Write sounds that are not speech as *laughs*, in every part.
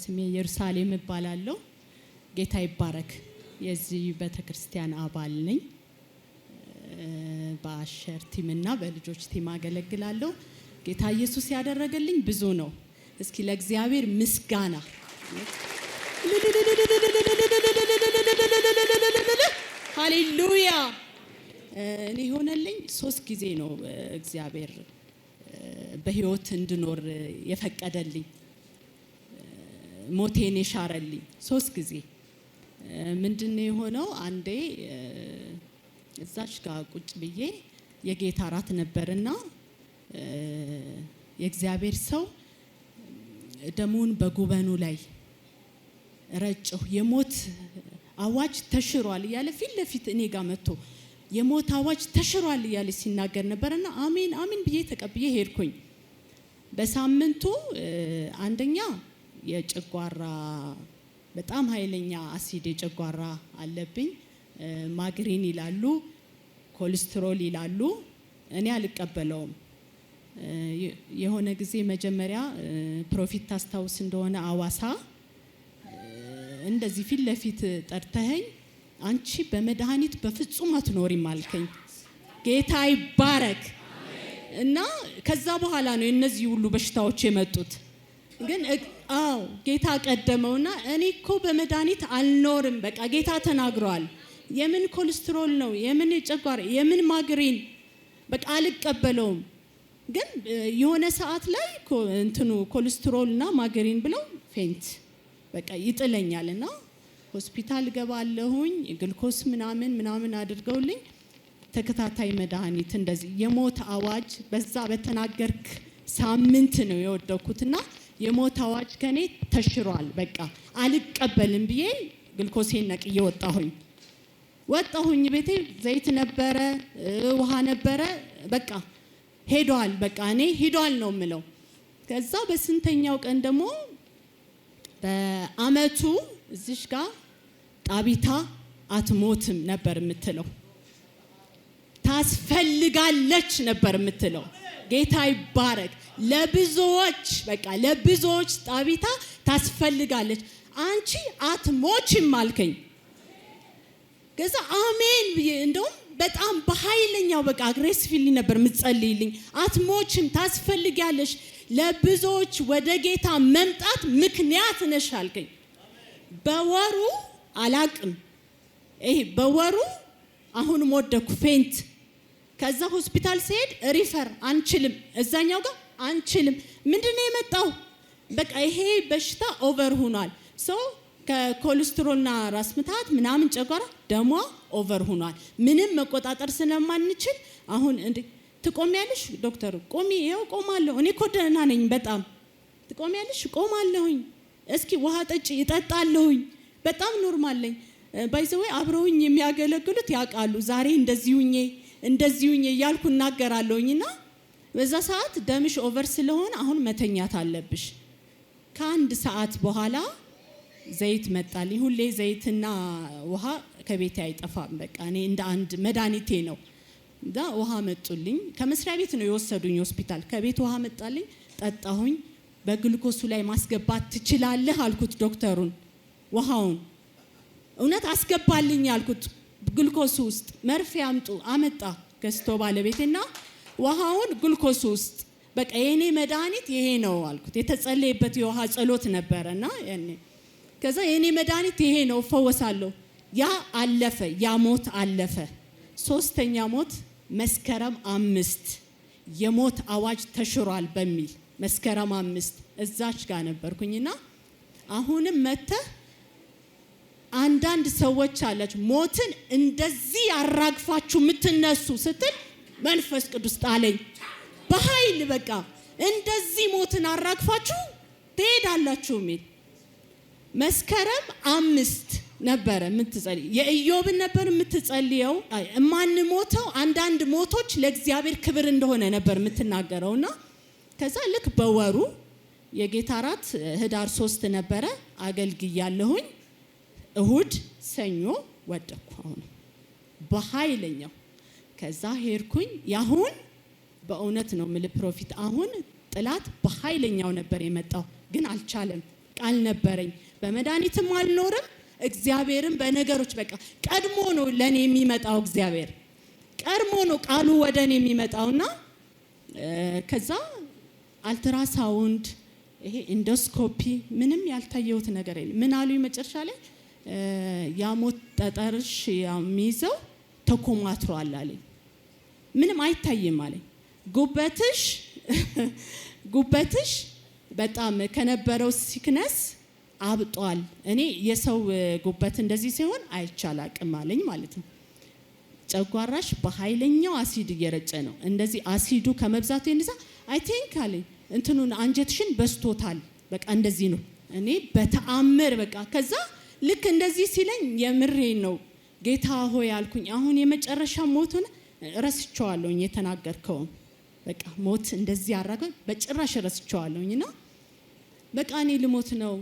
ስሜ ኢየሩሳሌም እባላለሁ። ጌታ ይባረክ። የዚህ ቤተክርስቲያን አባል ነኝ። በአሸር ቲም እና በልጆች ቲም አገለግላለሁ። ጌታ ኢየሱስ ያደረገልኝ ብዙ ነው። እስኪ ለእግዚአብሔር ምስጋና ሃሌሉያ። እኔ የሆነልኝ ሶስት ጊዜ ነው እግዚአብሔር በህይወት እንድኖር የፈቀደልኝ ሞቴን የሻረልኝ ሶስት ጊዜ ምንድነው የሆነው? አንዴ እዛች ጋር ቁጭ ብዬ የጌታ እራት ነበርና የእግዚአብሔር ሰው ደሙን በጉበኑ ላይ ረጨሁ። የሞት አዋጅ ተሽሯል እያለ ፊት ለፊት እኔ ጋር መጥቶ የሞት አዋጅ ተሽሯል እያለ ሲናገር ነበርና አሜን አሜን ብዬ ተቀብዬ ሄድኩኝ። በሳምንቱ አንደኛ የጨጓራ በጣም ኃይለኛ አሲድ የጨጓራ አለብኝ፣ ማግሪን ይላሉ፣ ኮሌስትሮል ይላሉ። እኔ አልቀበለውም። የሆነ ጊዜ መጀመሪያ ፕሮፊት ታስታውስ እንደሆነ አዋሳ እንደዚህ ፊት ለፊት ጠርተኸኝ አንቺ በመድኃኒት በፍጹም አትኖሪም አልከኝ። ጌታ ይባረክ እና ከዛ በኋላ ነው የእነዚህ ሁሉ በሽታዎች የመጡት። ግን አዎ ጌታ ቀደመውና እኔ እኮ በመድኃኒት አልኖርም፣ በቃ ጌታ ተናግረዋል። የምን ኮሌስትሮል ነው የምን ጨጓራ የምን ማግሪን በቃ አልቀበለውም። ግን የሆነ ሰዓት ላይ እንትኑ ኮሌስትሮልና ማግሪን ብለው ፌንት በቃ ይጥለኛል እና ሆስፒታል ገባለሁኝ። ግልኮስ ምናምን ምናምን አድርገውልኝ ተከታታይ መድኃኒት እንደዚህ የሞት አዋጅ በዛ በተናገርክ ሳምንት ነው የወደኩትና የሞት አዋጅ ከኔ ተሽሯል፣ በቃ አልቀበልም ብዬ ግልኮሴን ነቅዬ ወጣሁኝ። ወጣሁኝ ቤቴ ዘይት ነበረ፣ ውሃ ነበረ፣ በቃ ሄዷል፣ በቃ እኔ ሄዷል ነው የምለው። ከዛ በስንተኛው ቀን ደግሞ በአመቱ እዚሽ ጋር ጣቢታ አትሞትም ነበር የምትለው፣ ታስፈልጋለች ነበር የምትለው ጌታ ይባረክ። ለብዙዎች በቃ ለብዙዎች ጣቢታ ታስፈልጋለች። አንቺ አትሞችም አልከኝ። ከዛ አሜን ብዬ እንደውም በጣም በኃይለኛው በቃ አግሬሲቭሊ ነበር የምትጸልይልኝ። አትሞችም፣ ታስፈልጊያለሽ። ለብዙዎች ወደ ጌታ መምጣት ምክንያት ነሽ አልከኝ። በወሩ አላቅም ይሄ በወሩ አሁንም ወደኩ ፌንት ከዛ ሆስፒታል ሲሄድ ሪፈር አንችልም፣ እዛኛው ጋር አንችልም። ምንድነው የመጣው? በቃ ይሄ በሽታ ኦቨር ሆኗል። ሰው ከኮሌስትሮልና ራስ ምታት ምናምን ጨጓራ ደሟ ኦቨር ሆኗል። ምንም መቆጣጠር ስለማንችል አሁን እንዴ ትቆሚያለሽ? ዶክተር ቆሚ፣ ይኸው ቆማለሁ። እኔ እኮ ደህና ነኝ በጣም ትቆሚያለሽ? ቆማለሁኝ። እስኪ ውሃ ጠጪ፣ እጠጣለሁኝ። በጣም ኖርማል ነኝ። ባይዘወይ አብረውኝ የሚያገለግሉት ያውቃሉ። ዛሬ እንደዚህ ሁኜ እንደዚሁኝ እያልኩ እናገራለሁኝና በዛ ሰዓት ደምሽ ኦቨር ስለሆነ አሁን መተኛት አለብሽ። ከአንድ ሰዓት በኋላ ዘይት መጣልኝ። ሁሌ ዘይትና ውሃ ከቤቴ አይጠፋም። በቃ እኔ እንደ አንድ መድኃኒቴ ነው። ዳ ውሃ መጡልኝ። ከመስሪያ ቤት ነው የወሰዱኝ ሆስፒታል። ከቤት ውሃ መጣልኝ፣ ጠጣሁኝ። በግልኮሱ ላይ ማስገባት ትችላለህ አልኩት ዶክተሩን። ውሃውን እውነት አስገባልኝ አልኩት። ግልኮስ ውስጥ መርፌ አምጡ አመጣ ገዝቶ ባለቤትና ውሃውን ግልኮስ ውስጥ በቃ የኔ መድኃኒት ይሄ ነው አልኩት። የተጸለየበት የውሃ ጸሎት ነበረ እና ከዛ የእኔ መድኃኒት ይሄ ነው እፈወሳለሁ። ያ አለፈ፣ ያ ሞት አለፈ። ሶስተኛ ሞት መስከረም አምስት የሞት አዋጅ ተሽሯል በሚል መስከረም አምስት እዛች ጋር ነበርኩኝና አሁንም መጥተህ አንዳንድ ሰዎች አለች ሞትን እንደዚህ ያራግፋችሁ የምትነሱ ስትል መንፈስ ቅዱስ ጣለኝ በኃይል በቃ እንደዚህ ሞትን አራግፋችሁ ትሄዳላችሁ የሚል መስከረም አምስት ነበረ የምትጸልይ የኢዮብን ነበር የምትጸልየው። ሞተው አንዳንድ ሞቶች ለእግዚአብሔር ክብር እንደሆነ ነበር የምትናገረው እና ከዛ ልክ በወሩ የጌታ አራት ህዳር ሶስት ነበረ አገልግያለሁኝ እሁድ ሰኞ ወደኩ። አሁን በኃይለኛው ከዛ ሄድኩኝ። ያሁን በእውነት ነው ምል ፕሮፊት አሁን ጥላት በኃይለኛው ነበር የመጣው፣ ግን አልቻለም። ቃል ነበረኝ በመድኃኒትም አልኖርም እግዚአብሔርም በነገሮች በቃ ቀድሞ ነው ለእኔ የሚመጣው እግዚአብሔር ቀድሞ ነው ቃሉ ወደ እኔ የሚመጣውና ከዛ አልትራሳውንድ ይሄ ኢንዶስኮፒ ምንም ያልታየሁት ነገር የለም። ምን አሉ መጨረሻ ላይ ያሞት ጠጠርሽ የሚይዘው ተኮማትሯል አለኝ። ምንም አይታይም አለኝ። ጉበትሽ *laughs* ጉበትሽ በጣም ከነበረው ሲክነስ አብጧል። እኔ የሰው ጉበት እንደዚህ ሲሆን አይቻል አቅም አለኝ ማለት ነው። ጨጓራሽ በኃይለኛው አሲድ እየረጨ ነው። እንደዚህ አሲዱ ከመብዛቱ የንዛ አይ ቲንክ አለኝ እንትኑን አንጀትሽን በስቶታል። በቃ እንደዚህ ነው። እኔ በተአምር በቃ ከዛ ልክ እንደዚህ ሲለኝ የምሬ ነው ጌታ ሆይ አልኩኝ። አሁን የመጨረሻ ሞቱን ረስቸዋለሁኝ የተናገርከውም በቃ ሞት እንደዚህ ያረገ በጭራሽ ረስቸዋለሁኝ። ና በቃ እኔ ልሞት ነው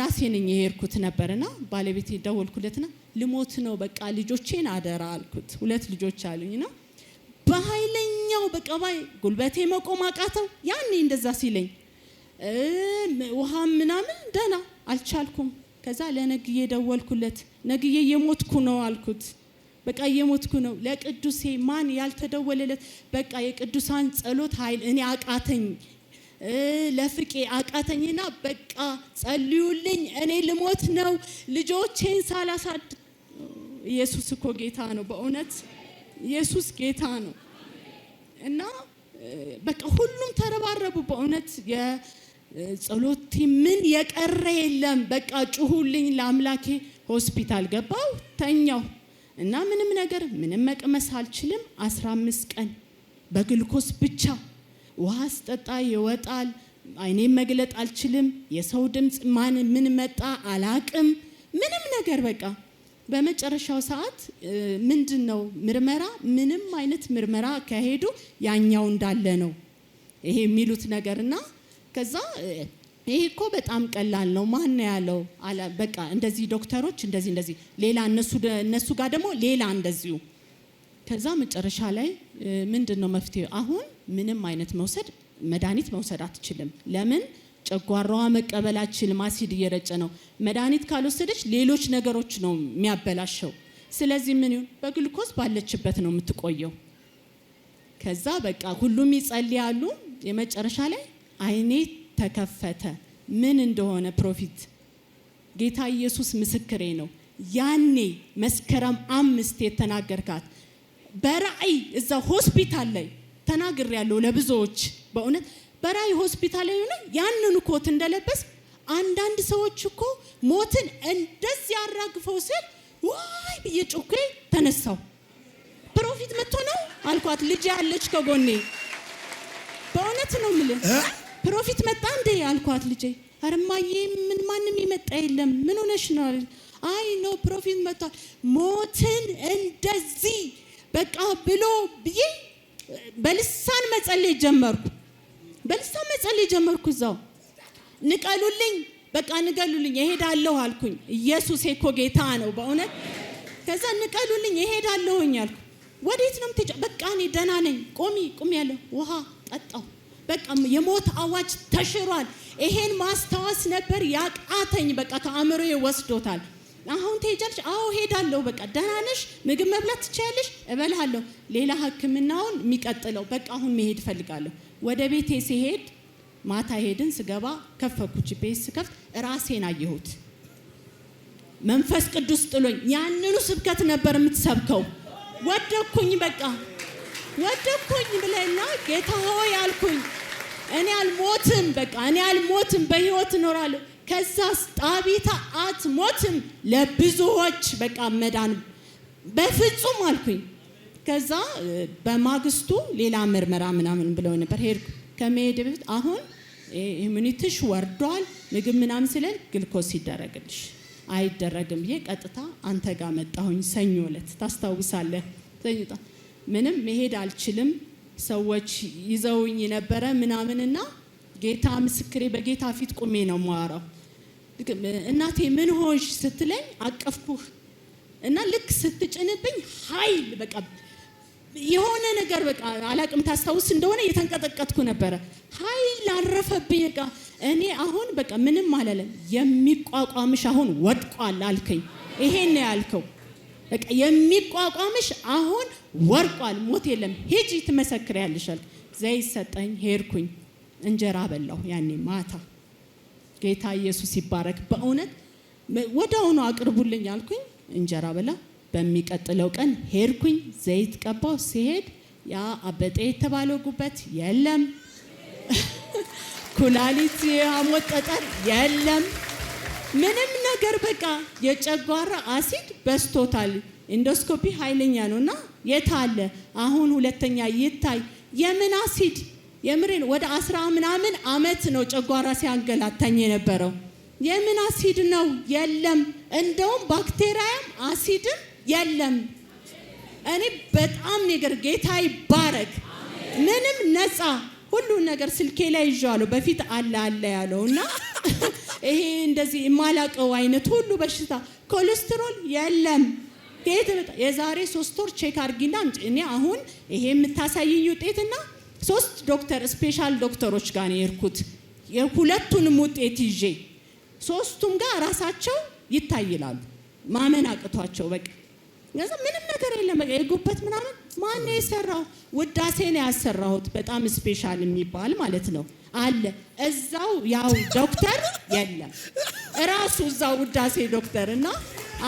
ራሴ ነኝ የሄድኩት ነበርና ባለቤቴ ና ልሞት ነው በቃ ልጆቼን አደራ አልኩት። ሁለት ልጆች አሉኝ። ና በኃይለኛው በቀባይ ጉልበቴ መቆም አቃተው። ያኔ እንደዛ ሲለኝ ውሃ ምናምን ደህና አልቻልኩም። ከዛ ለነግዬ ደወልኩለት። ነግዬ የሞትኩ ነው አልኩት። በቃ የሞትኩ ነው። ለቅዱሴ ማን ያልተደወለለት? በቃ የቅዱሳን ጸሎት ኃይል እኔ አቃተኝ፣ ለፍቄ አቃተኝና በቃ ጸልዩልኝ፣ እኔ ልሞት ነው ልጆቼን ሳላሳድ። ኢየሱስ እኮ ጌታ ነው። በእውነት ኢየሱስ ጌታ ነው። እና በቃ ሁሉም ተረባረቡ በእውነት ጸሎቴ ምን የቀረ የለም። በቃ ጩሁልኝ ለአምላኬ። ሆስፒታል ገባው ተኛው እና ምንም ነገር ምንም መቅመስ አልችልም። 15 ቀን በግልኮስ ብቻ ውሃ ስጠጣ ይወጣል። አይኔም መግለጥ አልችልም። የሰው ድምፅ ማን ምን መጣ አላቅም። ምንም ነገር በቃ በመጨረሻው ሰዓት ምንድን ነው ምርመራ፣ ምንም አይነት ምርመራ ከሄዱ ያኛው እንዳለ ነው ይሄ የሚሉት ነገርና ከዛ ይሄ እኮ በጣም ቀላል ነው፣ ማን ነው ያለው? በቃ እንደዚህ ዶክተሮች እንደዚህ እንደዚህ ሌላ እነሱ ጋር ደግሞ ሌላ እንደዚሁ። ከዛ መጨረሻ ላይ ምንድን ነው መፍትሄ? አሁን ምንም አይነት መውሰድ መድኃኒት መውሰድ አትችልም። ለምን? ጨጓራዋ መቀበል አትችልም። አሲድ እየረጨ ነው። መድኃኒት ካልወሰደች ሌሎች ነገሮች ነው የሚያበላሸው። ስለዚህ ምን ይሁን? በግልኮስ ባለችበት ነው የምትቆየው። ከዛ በቃ ሁሉም ይጸልያሉ። የመጨረሻ ላይ አይኔ ተከፈተ። ምን እንደሆነ ፕሮፊት ጌታ ኢየሱስ ምስክሬ ነው። ያኔ መስከረም አምስት የተናገርካት በራእይ እዛ ሆስፒታል ላይ ተናግር ያለው ለብዙዎች በእውነት በራእይ ሆስፒታል ላይ ሆነ ያንኑ ኮት እንደለበስ አንዳንድ ሰዎች እኮ ሞትን እንደዚህ አራግፈው ስል ዋይ ብዬ ጮኬ ተነሳው። ፕሮፊት መጥቶ ነው አልኳት። ልጅ ያለች ከጎኔ በእውነት ነው ምልን ፕሮፊት መጣ እንዴ አልኳት። ልጄ አረማዬ ምን ማንም ይመጣ የለም ምን ሆነሽ ነው? አይ ኖ ፕሮፊት መጥቷል። ሞትን እንደዚህ በቃ ብሎ ብዬ በልሳን መጸለይ ጀመርኩ። በልሳን መጸለይ ጀመርኩ። እዛው ንቀሉልኝ፣ በቃ ንቀሉልኝ እሄዳለሁ አልኩኝ። ኢየሱስ እኮ ጌታ ነው በእውነት። ከዛ ንቀሉልኝ እሄዳለሁኝ አልኩ። ወዴት ነው ምትጫ? በቃ እኔ ደህና ነኝ። ቆሚ ቁሚ ያለሁ ውሃ ጠጣው። በቃ የሞት አዋጅ ተሽሯል። ይሄን ማስታወስ ነበር ያቃተኝ። በቃ ተአምሮ ይወስዶታል። አሁን ትሄጃለሽ? አዎ ሄዳለሁ። በቃ ደህና ነሽ? ምግብ መብላት ትችያለሽ? እበላለሁ። ሌላ ሕክምናውን የሚቀጥለው በቃ አሁን መሄድ እፈልጋለሁ። ወደ ቤቴ ሲሄድ ማታ ሄድን። ስገባ ከፈኩች። ቤት ስከፍት ራሴን አየሁት። መንፈስ ቅዱስ ጥሎኝ ያንኑ ስብከት ነበር የምትሰብከው። ወደኩኝ፣ በቃ ወደኩኝ ብለና ጌታ ሆይ አልኩኝ። እኔ አልሞትም፣ በቃ እኔ አልሞትም፣ በህይወት እኖራለሁ። ከዛስ ጣቢታ አትሞትም፣ ለብዙዎች በቃ መዳን በፍጹም አልኩኝ። ከዛ በማግስቱ ሌላ ምርመራ ምናምን ብለው ነበር። ሄድኩ ከመሄድ በፊት አሁን ኢሚኒቲሽ ወርዷል፣ ምግብ ምናምን ስለል ግልኮስ ይደረግልሽ አይደረግም ብዬ ቀጥታ አንተ ጋር መጣሁኝ። ሰኞ ዕለት ታስታውሳለህ? ምንም መሄድ አልችልም ሰዎች ይዘውኝ ነበረ ምናምንና ጌታ ምስክሬ፣ በጌታ ፊት ቁሜ ነው ማረው እናቴ ምን ሆንሽ ስትለኝ አቀፍኩህ እና ልክ ስትጭንብኝ ሀይል በቃ የሆነ ነገር በቃ አላቅም። ታስታውስ እንደሆነ እየተንቀጠቀጥኩ ነበረ። ሀይል አረፈብኝ። በቃ እኔ አሁን በቃ ምንም አላለም። የሚቋቋምሽ አሁን ወድቋል አልከኝ። ይሄን ያልከው በቃ የሚቋቋምሽ አሁን ወርቋል፣ ሞት የለም፣ ሂጂ ትመሰክሪያለሽ። ዘይት ሰጠኝ፣ ሄድኩኝ፣ እንጀራ በላሁ። ያኔ ማታ ጌታ ኢየሱስ ይባረክ። በእውነት ወዲያውኑ አቅርቡልኝ አልኩኝ፣ እንጀራ በላ። በሚቀጥለው ቀን ሄድኩኝ፣ ዘይት ቀባው። ሲሄድ ያ አበጤ የተባለው ጉበት የለም፣ *laughs* ኩላሊት የሐሞት ጠጠር የለም። ምንም ነገር በቃ የጨጓራ አሲድ በስቶታል። ኢንዶስኮፒ ኃይለኛ ነው እና አለ አሁን ሁለተኛ ይታይ። የምን አሲድ የምሬን ወደ አስራ ምናምን አመት ነው ጨጓራ ሲያንገላታኝ የነበረው። የምን አሲድ ነው? የለም። እንደውም ባክቴሪያም አሲድም የለም። እኔ በጣም ነገር ጌታ ይባረክ። ምንም ነፃ ሁሉን ነገር ስልኬ ላይ ይዤዋለሁ። በፊት አለ አለ ያለው እና ይሄ እንደዚህ የማላቀው አይነት ሁሉ በሽታ ኮሌስትሮል የለም። የዛሬ ሶስት ወር ቼክ እኔ አሁን ይሄ የምታሳይኝ ውጤትና ሶስት ዶክተር ስፔሻል ዶክተሮች ጋር ነው የሄድኩት የሁለቱንም ውጤት ይዤ ሶስቱም ጋር ራሳቸው ይታይላሉ። ማመን አቅቷቸው በቃ ምንም ነገር የለም። የጉበት ምናምን ማን ነው የሰራው? ውዳሴ ነው ያሰራሁት። በጣም ስፔሻል የሚባል ማለት ነው አለ እዛው ያው ዶክተር የለም እራሱ እዛው ውዳሴ ዶክተር እና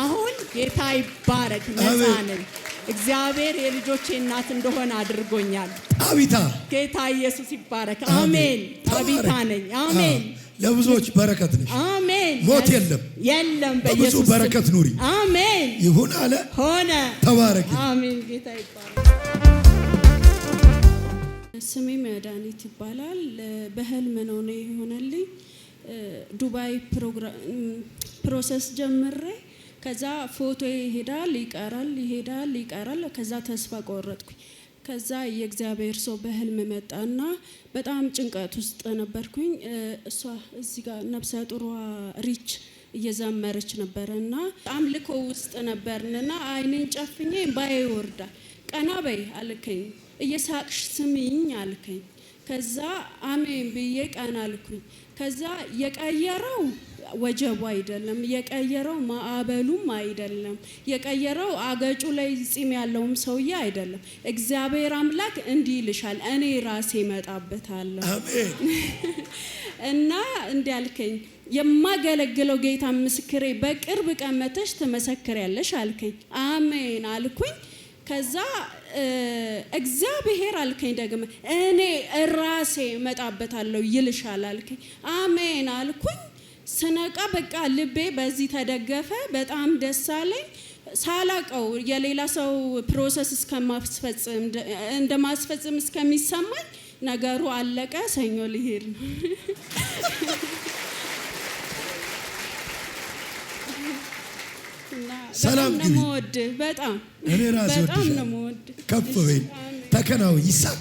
አሁን ጌታ ይባረክ ነፃንን እግዚአብሔር የልጆቼ እናት እንደሆነ አድርጎኛል። ጣቢታ ጌታ ኢየሱስ ይባረክ። አሜን። ጣቢታ ነኝ። አሜን። ለብዙዎች በረከት ነሽ። አሜን። ሞት የለም የለም። በብዙ በረከት ኑሪ። አሜን። ይሁን አለ ሆነ። ተባረክ። አሜን። ጌታ ይባረክ። ስሜ መድኃኒት ይባላል። በህልም ነው ነው የሆነልኝ። ዱባይ ፕሮሰስ ጀምሬ ከዛ ፎቶ ይሄዳል ይቀራል፣ ይሄዳል ይቀራል። ከዛ ተስፋ ቆረጥኩኝ። ከዛ የእግዚአብሔር ሰው በህልም መጣና በጣም ጭንቀት ውስጥ ነበርኩኝ። እሷ እዚህ ጋር ነብሰ ጥሯ ሪች እየዘመረች ነበረ እና አምልኮ ውስጥ ነበርንና አይንን ጨፍኜ ባዬ ይወርዳል። ቀና በይ አልከኝ፣ እየሳቅሽ ስሚኝ አልከኝ። ከዛ አሜን ብዬ ቀና አልኩኝ። ከዛ የቀየረው ወጀቡ አይደለም የቀየረው፣ ማዕበሉም አይደለም የቀየረው፣ አገጩ ላይ ፂም ያለውም ሰውዬ አይደለም። እግዚአብሔር አምላክ እንዲህ ይልሻል፣ እኔ ራሴ እመጣበታለሁ። አሜን። *laughs* እና እንዲያልከኝ የማገለግለው ጌታ ምስክሬ፣ በቅርብ ቀን መተሽ ትመሰክሪያለሽ አልከኝ። አሜን አልኩኝ። ከዛ እግዚአብሔር አልከኝ ደግመ እኔ ራሴ እመጣበታለሁ ይልሻል አልከኝ። አሜን አልኩኝ። ስነቃ በቃ ልቤ በዚህ ተደገፈ። በጣም ደስ አለኝ። ሳላቀው የሌላ ሰው ፕሮሰስ እስከማስፈጽም እንደማስፈጽም እስከሚሰማኝ ነገሩ አለቀ። ሰኞ ልሄድ ነው። ሰላም ግን የምወድ። በጣም እኔ ራሴ ወድ ከፍ በይ፣ ተከናው ይሳካ።